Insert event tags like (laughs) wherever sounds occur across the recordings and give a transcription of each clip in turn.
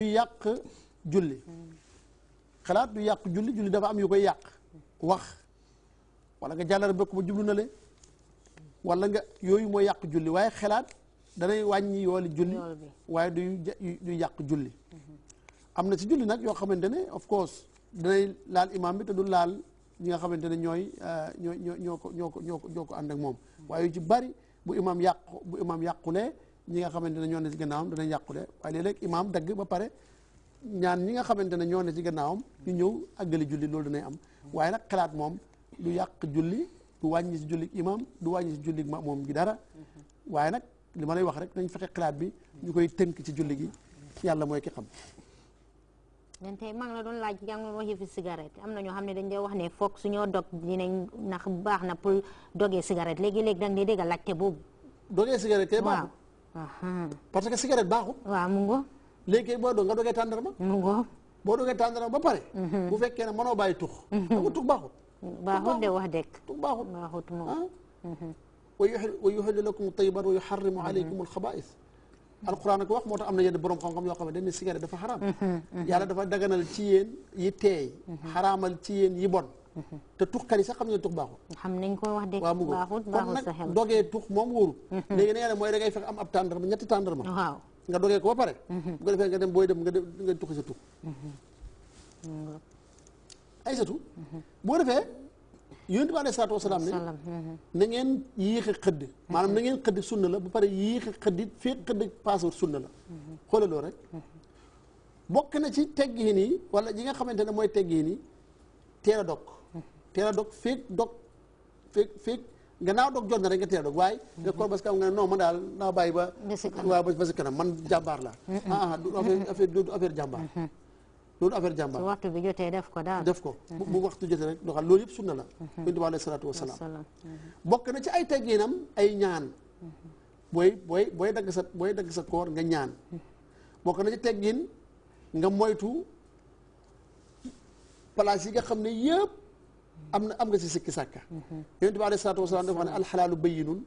du yàq julli xalaat du yàq julli julli dafa am yu koy yàq wax wala nga jàllar bëkk ba jublu na le wala nga yooyu mooy yàq julli waaye xalaat danay wàññi yooli julli waaye du yàq julli mm-hmm. am na ci julli nag yoo xamante ne of course danay laal imaam bi te du laal ñi nga xamante ne ñooy euh, ñoo ñoo ñoo ko ñoo ko moom mm-hmm. waaye yu ci bari bu imaam yàqu bu imaam yàqulee ñi nga xamante ne ñoo ne ci gannaawam danañ yàqule waaye léeg-léeg imaam dagg ba pare ñaan ñi nga xamante ne ñoo ne ci gannaawam ñu ñëw àggali julli loolu danay am waaye nag xalaat moom du yàq julli du wàññi si jullig imaam du wàññi si ma moom gi dara waaye nag li ma lay wax rek dañ fexe xalaat bi ñu koy tënk ci julli gi yàlla mooy ki xam man tey maa la doon laaj yaa ngi doon wax yëfi cigarette am na ñoo xam ne dañ dee wax ne foog suñoo dog dinañ ndax baax na pour dogee cigarette léegi-léegi dang ne dégg laajte boobu dogee cigarette tey parce que cigarette baaxul. waaw mu ngo léegi boo doog nga dogee tàndarma. mu ngo boo dogee tàndarma ba pare. Mhm. bu fekkee ne mënoo bàyyi tux. Mhm. amul tux baaxul. baaxul de wax dëgg. tux baaxul baaxut moom. Ah. Mhm. wa yuhillu lakum tayyibat wa yuharrimu alaykum al-khaba'ith. alquran ko wax moo tax am na yenn borom xam-xam yoo xam ne dañ ne cigarette dafa xaraam. yàlla dafa daganal ci yéen yi teey. xaraamal ci yéen yi bon. te tux kari sax xam ne tux baaxul xam nañ ko wax de baaxul baaxul sa xel dogee tux moom wóorul mhm. ne mooy da ngay fex am ab tàndarma ñetti tàndarma waaw nga dogee ko ba pare mhm. bu ko defee nga dem booy dem tuxi sa tux ay satu boo defee yonent bi alayhi salaatu wasalaam ne mhm. na ngeen yéex xëdd maanaam na ngeen xëdd sunna la ba pare yéex a xëdd it fii xëdd paasawut sunna la xoolal rek bokk na ci teggiin yi wala yi nga xamante ne mooy teggiin yi teel dog teel dok fik dok fik fik feeg dok jonne rek nga teel a dog waaye ko parce que nga non man dal na bay ba wa ba si kanam man jàmbaar la ah ah du affaire du affaire jambar du affaire jambar so waxtu bi jotee def ko dal def ko bu waxtu jotee rek doxal loolu yëpp sunna la yonent bi alayhi salaatu wasalaam bokk na ci ay tegginam ay ñaan boy boy boy dag sa boy dag sa koor nga ñaan bokk na ci teggin nga moytu place yi nga xamne ne am na am nga si sikki sàkka yonent bi alayhi salaatu wasalaam dafa wax ne alxalaalu bayyinun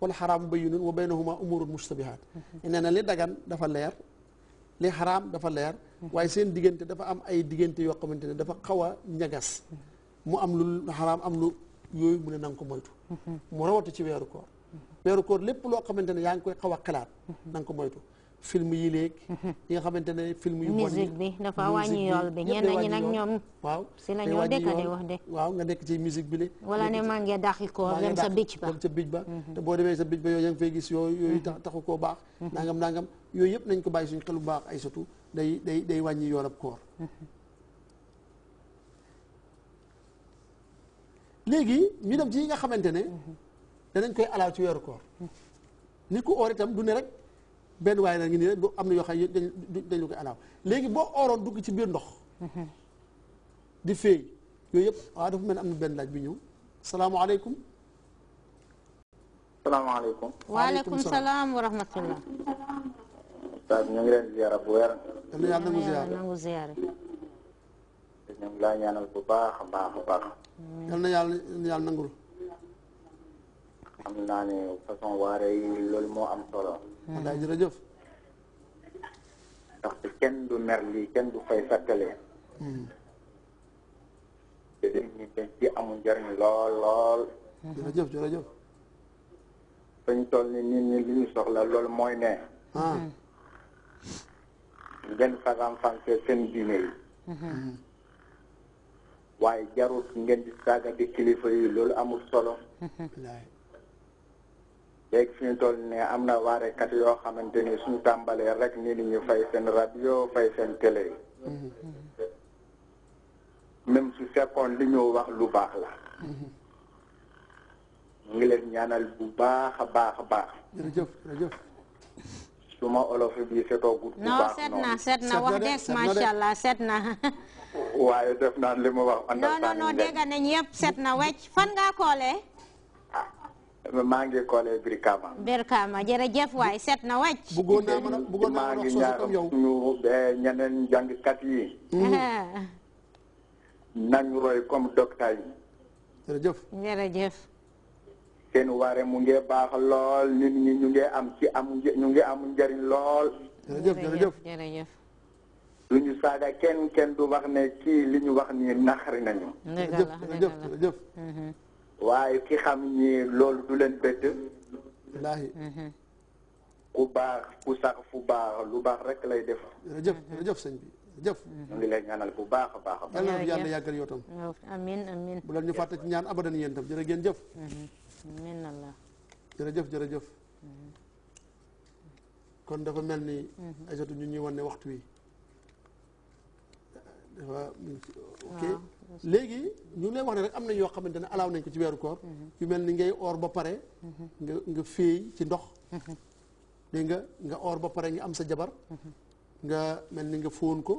wal xaraamu bayyinun wa baynahuma umurun mustabihaat nee na li dagan dafa leer li xaraam dafa leer waaye seen diggante dafa am ay diggante yoo xamante ne dafa xaw a ñagas mu am lu xaraam am lu yooyu mu ne na ko moytu mu rawatu ci weeru koor weeru koor lépp loo xamante ne yaa ngi koy xaw a xalaat na ko moytu film yi léegi. (laughs) yi nga xamante ne film yu. musique bi dafa wàññi yool bi ñenn nga nekk ci musique bi le wala ne maa ngi dàqi koor dem sa bij ba dem sa bij ba. Mm-hmm. te boo demee sa bij ba yooyu yaa ngi fay gis yooyu mm-hmm. mm-hmm. ko bàyyi suñu xelu baax ay ñu dem ci yi nga xamante ne. danañ koy alaaw ci weeru koor. nit ku oor itam du rek. benn waaye na ñu nii rek bu am na yoo xam ne dañ dañ koy anaaw léegi boo ooroon dugg ci biir ndox di feey yooyu yëpp waaw dafa mel ne am na benn laaj bi ñëw salaamaaleykum salaamaaleykum waaleykum salaam wa rahmatullah Ustaz ngi leen ziyaara bu wér dana yàlla nangu ziyaara nangu bu baax a baax a baax na yàlla yàlla nangul xam naa ni façon waare yi loolu moo am solo Mandaye jërëjëf. ndaxte kenn du mer lii kenn du koy fàttalee. Hmm. te dañ ci amul njariñ lool lool. Hmm. jërëjëf jërëjëf. dañ toll ni nit ñi li ñu soxla loolu mooy ne. Hmm. ngeen faram-fàcce seen diine yi. waaye jarut ngeen saaga di kilifa yi loolu amul solo. léegi fi ñu toll nii am na waarekat yoo xamante ni suñu tàmbalee rek nii ni ñu fay seen rajo fay seen télé. même su fekkoon li ñu wax lu baax la. ngi leen ñaanal bu baax a baax a baax. jërëjëf jërëjëf. su ma olof bi setoogut. bu baax noonu seet na seet na wax dëgg macha allah seet na. waaye def naan li mu wax. non non non dégg nañ yëpp seet na wecc fan ngaa koolee. maa ngi collé Brikama. Brikama jërëjëf waay set na wàcc. bëggoon naa mën a bëggoon naa mën a soose comme yow. ñu eh, ñeneen jàngkat yi. Mm-hmm. (laughs) nañu roy comme docteur yi. jërëjëf jërëjëf. seen mu ngi baax lool nit ñi ñu ngi am ci am ñu ngi am njëriñ lool. jërëjëf jërëjëf jërëjëf. lu ñu saaga kenn kenn du wax ne kii li ñu wax nii naxari nañu. jërëjëf jërëjëf mm-hmm. waaye ki xam ni loolu du leen bett wallaahi mhm. ku baax ku sax fu baax lu baax rek lay def jërëjëf jërëjëf sëñ bi jëf mhm. ñu ngi lay ñaanal bu baax baax a baax yàlla yàggal yoo tam amiin amiin bu leen ñu fàtte ci ñaan abadan yéen tam jërë ngeen jëf mhm. amiin allah jërëjëf kon dafa mel ni ay sotu ñu ñuy wan waxtu wi dafa ok léegi ñu ngi lay wax ne rek am na yoo xamante ne alaaw nañ ko ci weeru koor yu mel ni ngay or ba pare nga nga féey ci ndox dégg nga nga or ba pare nga am sa jabar nga mel ni nga fóon ko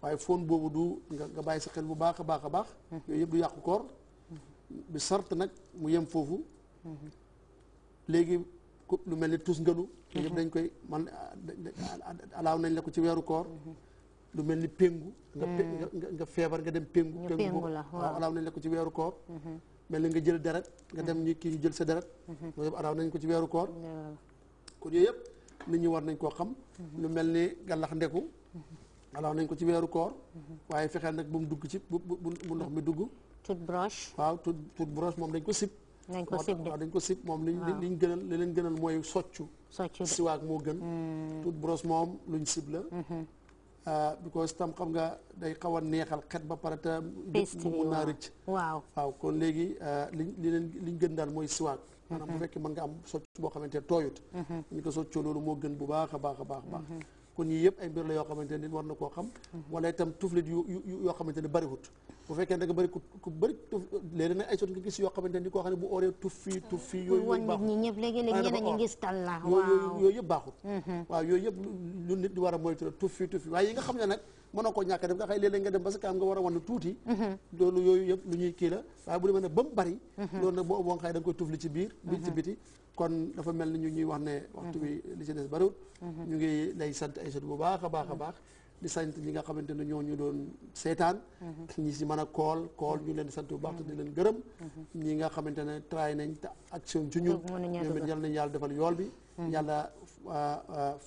waaye fóon boobu du nga bàyyi sa xel bu baax a baax a baax yooyu yëpp du yàqu koor bi sart nag mu yem foofu léegi lu mel ni tus ngalu yëpp dañ koy man alaaw nañ la ko ci weeru koor lu mel ni péngu mm. nga nga feebar nga dem péngu péngu waaw alaaw nañ la ko ci weeru koor mm-hmm. mel ni nga jël deret nga dem mm-hmm. ñu kii jël sa deret mm-hmm. loolu yëpp alaaw nañ ko ci weeru koor kon yëpp nit ñi war nañ koo xam lu mel ni gàllax ndeku nañ ko ci weeru koor waaye fexeel nag bu mu dugg ci bu bu ndox mi dugg tooth brush waaw tooth brush moom dañ ko sib dañ ko sib waaw dañ ko sib moom liñ liñ gënal li leen gënal mooy soccu soccu siwaak moo gën mm. tooth moom luñ sib la Ah, because tam xam nga day xaw a neexal xet ba pare te mun naa rëcc waaw waaw kon léegi ah, liñ li leen liñ gën daal mooy siwaak maanaam bu mhm. fekkee mën nga am socc boo xamante tooyut mhm. ñu ko soccoo loolu moo gën bu baax a baax a baax baax mhm. kon yii yëpp ay mbir la yoo xamante ne war na koo xam wala itam tuflit yooyu yooyu yëpp lu a moytu la tuf fii tuf mm-hmm. ñuy kii la waaye bu demee ne ba mu bari mm-hmm. loolu nag boo boo xëy da nga koy tufli ci biir bi ci mm-hmm. biti kon dafa mel na ñu ñuy wax ne. waxtu bi li ci des bariwul. Mhm. ñu ngi lay sant ay sët bu baax a baax a mhm. baax. di sant ñi nga xamante ne ñoo ñu doon seetaan. Mhm. ñi si man a kool kool ñu leen sant bu baax te di leen gërëm. ñi nga xamante ne tray nañ te action ci ñun. ñoom it yal nañu yàlla yool bi. yàlla ay ah, ah,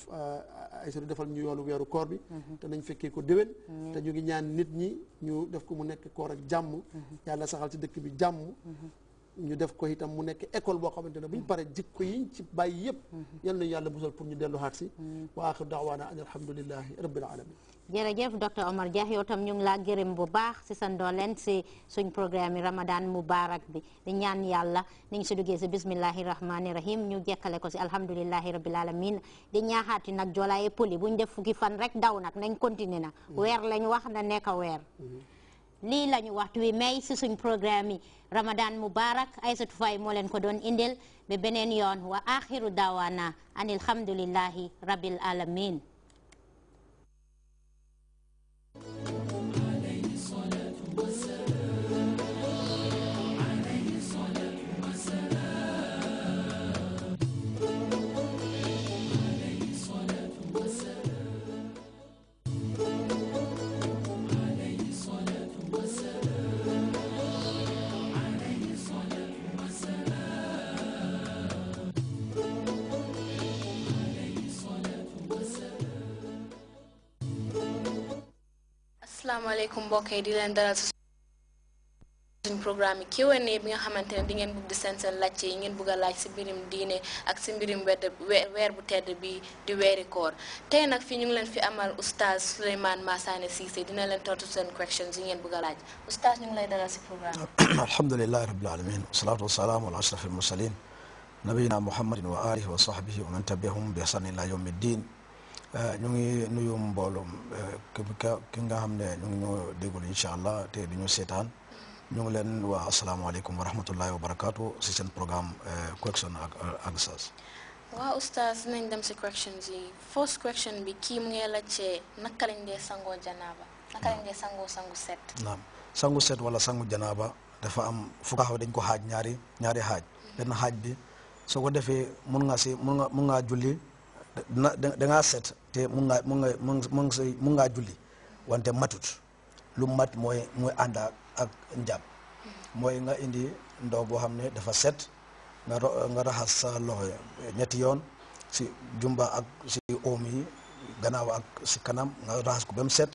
ah, sëriñ defal ñu yoolu weeru koor bi. te nañ fekkee ko déwén. ñu ngi ñaan nit ñi ñu def ko mu nekk koor ak jàmm. yàlla saxal ci dëkk bi jàmm. ñu def ko itam mu nekk école boo xamante ne bu ñu paree jikko yiñ ci bàyyi yëpp mm-hmm. yal nañu yàlla musal pour ñu dellu xaat si mm-hmm. wa axir daawaana an alhamdulillahi rabbil alamin jërëjëf docteur Omar Jah yow tam ñu ngi laa gërëm bu baax si sa ndooleen si suñ programme yi ramadan mubarak bi di ñaan yàlla ni ñu si duggee si bismillahi rahmani rahim ñu jekkale ko si alhamdulillahi rabbil alamin di ñaaxaati nag joolaaye poli bu ñu def fukki fan rek daw nag nañ continuer na mm-hmm. weer lañ wax na nekk weer lii la ñu waxtu wi may si suñ programme yi ramadan mubarak Aysatu Faye moo leen ko doon indil ba beneen yoon wa axiru daawaana anil hamdulillahi rabbil alamin السلام عليكم بوكي دي لين دالال سون بروغرام كي و ان اي بيغا خامتاني دي نين بوب دي سنسن لاتي يي نين بوغا لاج سي بيريم دين اك سي بيريم ويد وير بو تيد بي دي ويري كور تاي ناك في نيغ لين في امال استاذ سليمان ماساني سيسي دينا لين توتو سون كويشنز يي نين بوغا لاج استاذ نيغ لاي دالال سي بروغرام الحمد لله رب العالمين والصلاه والسلام على اشرف المرسلين نبينا محمد واله وصحبه ومن تبعهم باحسان الى يوم الدين Euh, ñu ngi nuyu mbooloom euh, ki nga xam ne ñu ngi ñoo déglu incha allah te du ñu seetaan ñu ngi leen waa asalaamaaleykum wa rahmatullahi wa barakaatu si seen programme euh, correction ak ak sas waaw oustaz nañ dem si corrections yi first correction bi kii mu ngi laajte naka lañ dee sangoo janaaba naka lañ dee sangoo sangu set naam sangu set wala sangu janaaba dafa am fukkaaw dañ ko xaaj ñaari ñaari xaaj mhm. benn xaaj bi soo ko defee mun nga si mun nga mun ngaa julli na da ngaa set te mun ngaa mun nga mun nga mun ngaa julli wante matut lu mat mooy mooy ànd ak njàpp mooy nga indi ndox boo xam ne dafa set nga raxas sa loxo ñetti yoon si jumba ak si oom gannaaw ak si kanam nga raxas ko ba set